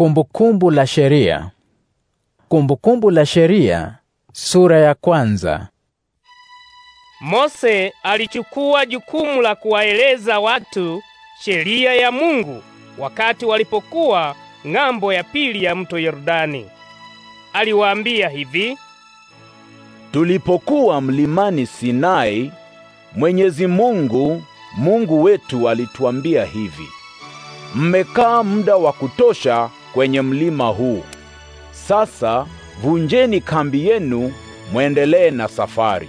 Kumbukumbu la Sheria. Kumbukumbu la Sheria sura ya kwanza. Mose alichukua jukumu la kuwaeleza watu sheria ya Mungu wakati walipokuwa ng'ambo ya pili ya mto Yordani. Aliwaambia hivi: Tulipokuwa mlimani Sinai, Mwenyezi Mungu, Mungu wetu alituambia hivi: Mmekaa muda wa kutosha kwenye mlima huu. Sasa vunjeni kambi yenu, mwendelee na safari.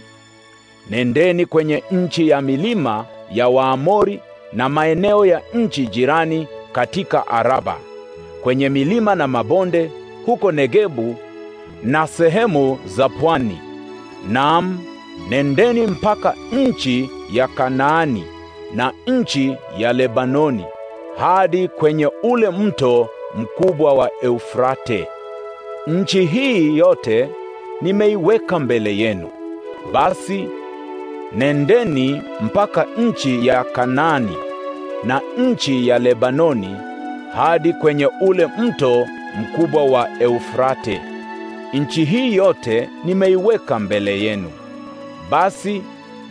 Nendeni kwenye nchi ya milima ya Waamori na maeneo ya nchi jirani katika Araba, kwenye milima na mabonde huko Negebu na sehemu za pwani. Naam, nendeni mpaka nchi ya Kanaani na nchi ya Lebanoni hadi kwenye ule mto mkubwa wa Eufrate. Nchi hii yote nimeiweka mbele yenu. Basi nendeni mpaka nchi ya Kanaani na nchi ya Lebanoni hadi kwenye ule mto mkubwa wa Eufrate. Nchi hii yote nimeiweka mbele yenu. Basi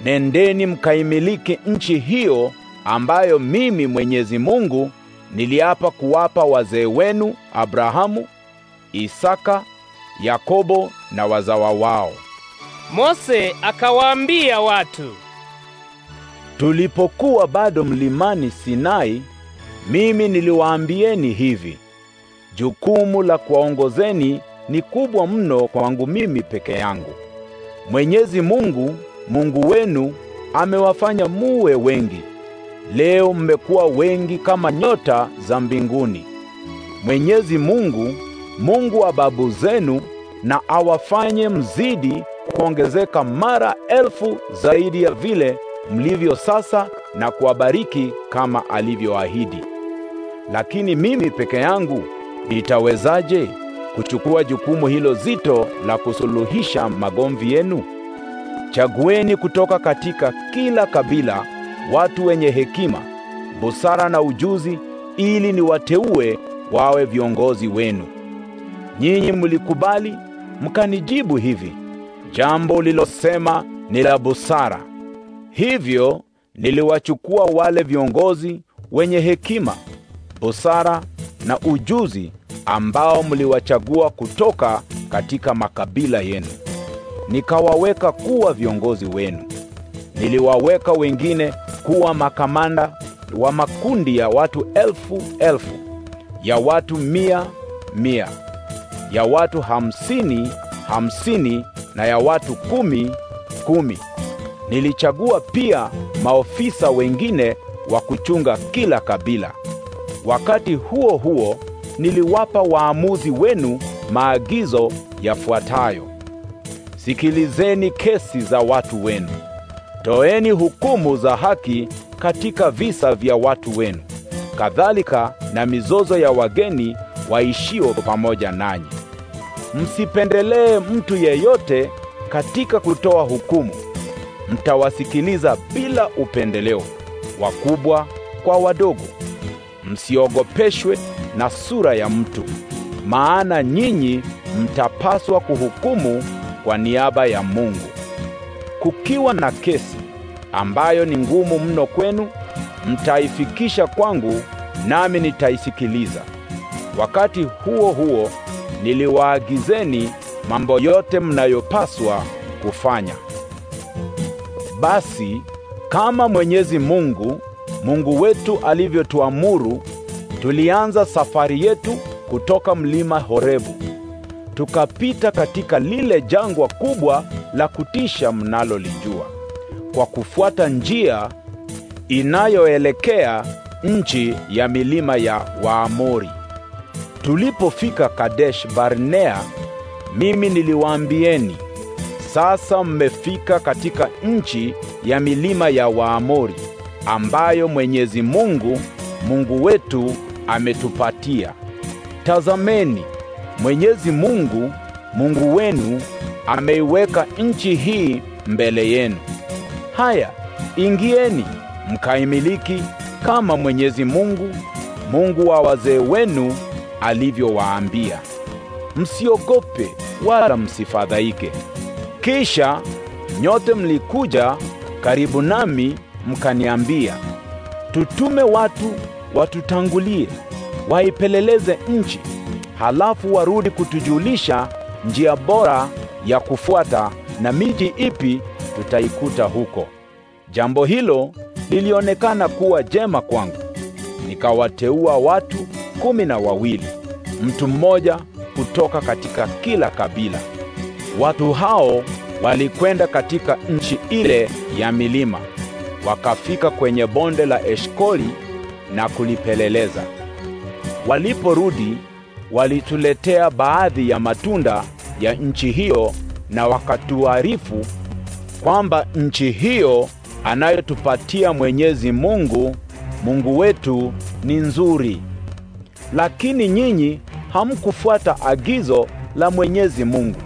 nendeni mkaimiliki nchi hiyo ambayo mimi Mwenyezi Mungu niliapa kuwapa wazee wenu Abrahamu, Isaka, Yakobo na wazawa wao. Mose akawaambia watu, tulipokuwa bado mlimani Sinai, mimi niliwaambieni hivi, jukumu la kuwaongozeni ni kubwa mno kwangu mimi peke yangu. Mwenyezi Mungu Mungu wenu amewafanya muwe wengi leo mmekuwa wengi kama nyota za mbinguni. Mwenyezi Mungu, Mungu wa babu zenu, na awafanye mzidi kuongezeka mara elfu zaidi ya vile mlivyo sasa, na kuwabariki kama alivyoahidi. Lakini mimi peke yangu nitawezaje kuchukua jukumu hilo zito la kusuluhisha magomvi yenu? Chagueni kutoka katika kila kabila watu wenye hekima, busara na ujuzi, ili niwateue wawe viongozi wenu. Nyinyi mlikubali mkanijibu hivi, jambo lilosema ni la busara. Hivyo niliwachukua wale viongozi wenye hekima, busara na ujuzi ambao mliwachagua kutoka katika makabila yenu, nikawaweka kuwa viongozi wenu niliwaweka wengine kuwa makamanda wa makundi ya watu elfu elfu, ya watu mia mia, ya watu hamsini hamsini na ya watu kumi kumi. Nilichagua pia maofisa wengine wa kuchunga kila kabila. Wakati huo huo niliwapa waamuzi wenu maagizo yafuatayo: sikilizeni kesi za watu wenu Toeni hukumu za haki katika visa vya watu wenu, kadhalika na mizozo ya wageni waishio pamoja nanyi. Msipendelee mtu yeyote katika kutoa hukumu. Mtawasikiliza bila upendeleo, wakubwa kwa wadogo. Msiogopeshwe na sura ya mtu, maana nyinyi mtapaswa kuhukumu kwa niaba ya Mungu kukiwa na kesi ambayo ni ngumu mno kwenu, mtaifikisha kwangu, nami nitaisikiliza. Wakati huo huo niliwaagizeni mambo yote mnayopaswa kufanya. Basi kama Mwenyezi Mungu, Mungu wetu alivyotuamuru, tulianza safari yetu kutoka mlima Horebu, tukapita katika lile jangwa kubwa la kutisha mnalolijua, kwa kufuata njia inayoelekea nchi ya milima ya Waamori. Tulipofika Kadesh Barnea, mimi niliwaambieni, sasa mmefika katika nchi ya milima ya Waamori ambayo Mwenyezi Mungu Mungu wetu ametupatia. Tazameni, Mwenyezi Mungu Mungu wenu ameiweka nchi hii mbele yenu. Haya, ingieni mkaimiliki kama Mwenyezi Mungu, Mungu wa wazee wenu alivyowaambia. Msiogope wala msifadhaike. Kisha nyote mlikuja karibu nami mkaniambia, tutume watu watutangulie waipeleleze nchi, halafu warudi kutujulisha njia bora ya kufuata na miji ipi tutaikuta huko. Jambo hilo lilionekana kuwa jema kwangu. Nikawateua watu kumi na wawili, mtu mmoja kutoka katika kila kabila. Watu hao walikwenda katika nchi ile ya milima, wakafika kwenye bonde la Eshkoli na kulipeleleza. Waliporudi walituletea baadhi ya matunda ya nchi hiyo na wakatuarifu kwamba nchi hiyo anayotupatia Mwenyezi Mungu, Mungu wetu ni nzuri. Lakini nyinyi hamkufuata agizo la Mwenyezi Mungu,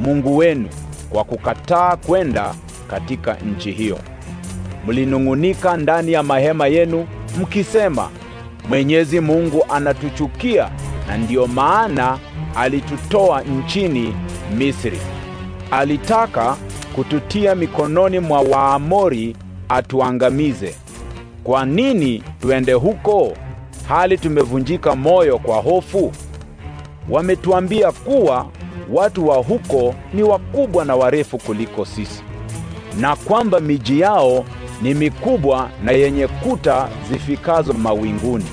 Mungu wenu kwa kukataa kwenda katika nchi hiyo. Mlinung'unika ndani ya mahema yenu mkisema, Mwenyezi Mungu anatuchukia na ndiyo maana alitutoa nchini Misri. Alitaka kututia mikononi mwa Waamori atuangamize. Kwa nini tuende huko hali tumevunjika moyo kwa hofu? Wametuambia kuwa watu wa huko ni wakubwa na warefu kuliko sisi, na kwamba miji yao ni mikubwa na yenye kuta zifikazo mawinguni.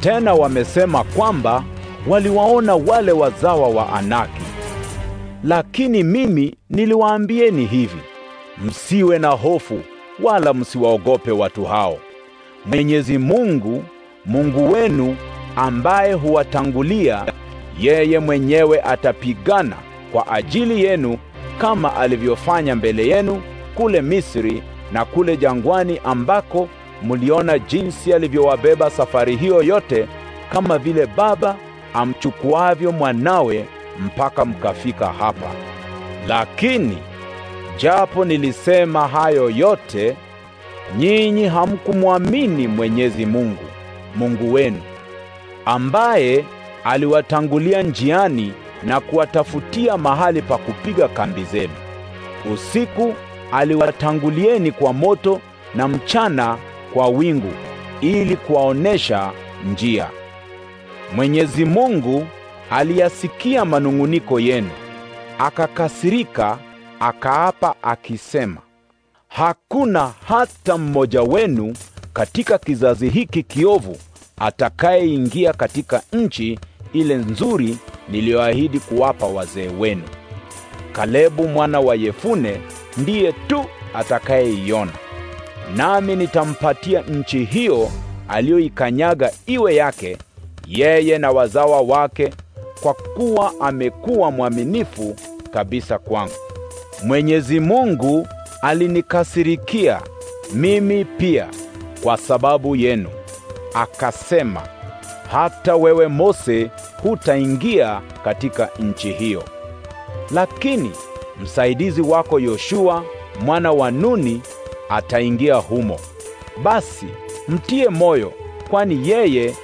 Tena wamesema kwamba waliwaona wale wazawa wa Anaki. Lakini mimi niliwaambieni hivi, msiwe na hofu wala msiwaogope watu hao. Mwenyezi Mungu, Mungu wenu ambaye huwatangulia, yeye mwenyewe atapigana kwa ajili yenu kama alivyofanya mbele yenu kule Misri na kule jangwani ambako muliona jinsi alivyowabeba safari hiyo yote kama vile baba amchukuavyo mwanawe mpaka mkafika hapa. Lakini japo nilisema hayo yote, nyinyi hamkumwamini Mwenyezi Mungu, Mungu wenu, ambaye aliwatangulia njiani na kuwatafutia mahali pa kupiga kambi zenu. Usiku aliwatangulieni kwa moto na mchana kwa wingu ili kuwaonesha njia. Mwenyezi Mungu aliyasikia manung'uniko yenu, akakasirika, akaapa akisema, hakuna hata mmoja wenu katika kizazi hiki kiovu atakayeingia katika nchi ile nzuri niliyoahidi kuwapa wazee wenu. Kalebu mwana wa Yefune ndiye tu atakayeiona, nami nitampatia nchi hiyo aliyoikanyaga iwe yake yeye na wazawa wake, kwa kuwa amekuwa mwaminifu kabisa kwangu. Mwenyezi Mungu alinikasirikia mimi pia kwa sababu yenu, akasema, hata wewe Mose hutaingia katika nchi hiyo. Lakini msaidizi wako Yoshua mwana wa Nuni ataingia humo. Basi mtie moyo, kwani yeye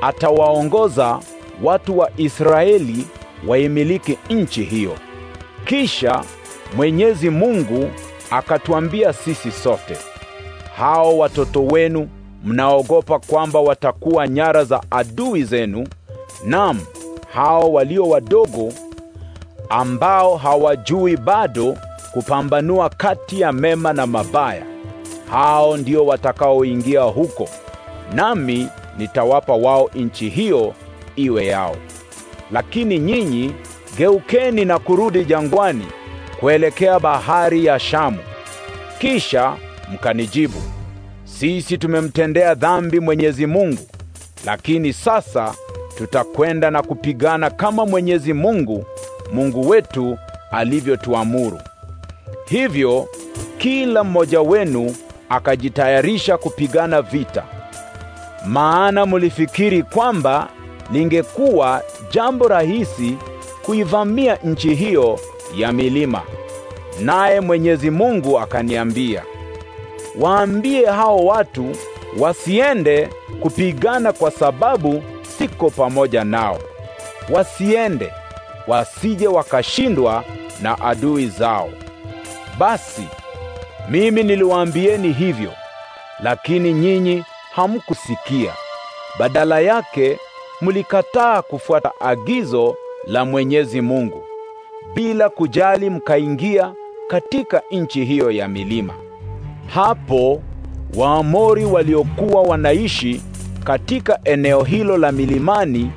atawaongoza watu wa Israeli waimiliki nchi hiyo. Kisha Mwenyezi Mungu akatuambia sisi sote, hao watoto wenu mnaogopa kwamba watakuwa nyara za adui zenu, nam hao walio wadogo ambao hawajui bado kupambanua kati ya mema na mabaya, hao ndio watakaoingia huko, nami nitawapa wao nchi hiyo iwe yao. Lakini nyinyi geukeni na kurudi jangwani kuelekea bahari ya Shamu. Kisha mkanijibu, sisi tumemtendea dhambi Mwenyezi Mungu, lakini sasa tutakwenda na kupigana kama Mwenyezi Mungu, Mungu wetu alivyotuamuru. Hivyo kila mmoja wenu akajitayarisha kupigana vita maana mulifikiri kwamba lingekuwa jambo rahisi kuivamia nchi hiyo ya milima. Naye Mwenyezi Mungu akaniambia, waambie hao watu wasiende kupigana kwa sababu siko pamoja nao. Wasiende wasije wakashindwa na adui zao. Basi mimi niliwaambieni hivyo, lakini nyinyi hamkusikia. Badala yake mlikataa kufuata agizo la Mwenyezi Mungu, bila kujali mkaingia katika nchi hiyo ya milima. Hapo Waamori waliokuwa wanaishi katika eneo hilo la milimani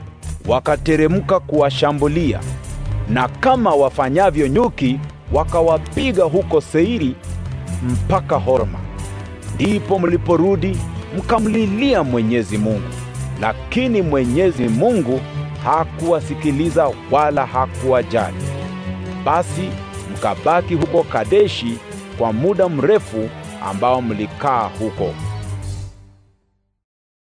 wakateremka kuwashambulia, na kama wafanyavyo nyuki wakawapiga huko Seiri mpaka Horma. Ndipo mliporudi mkamlilia Mwenyezi Mungu, lakini Mwenyezi Mungu hakuwasikiliza wala hakuwajali. Basi mkabaki huko Kadeshi kwa muda mrefu ambao mlikaa huko.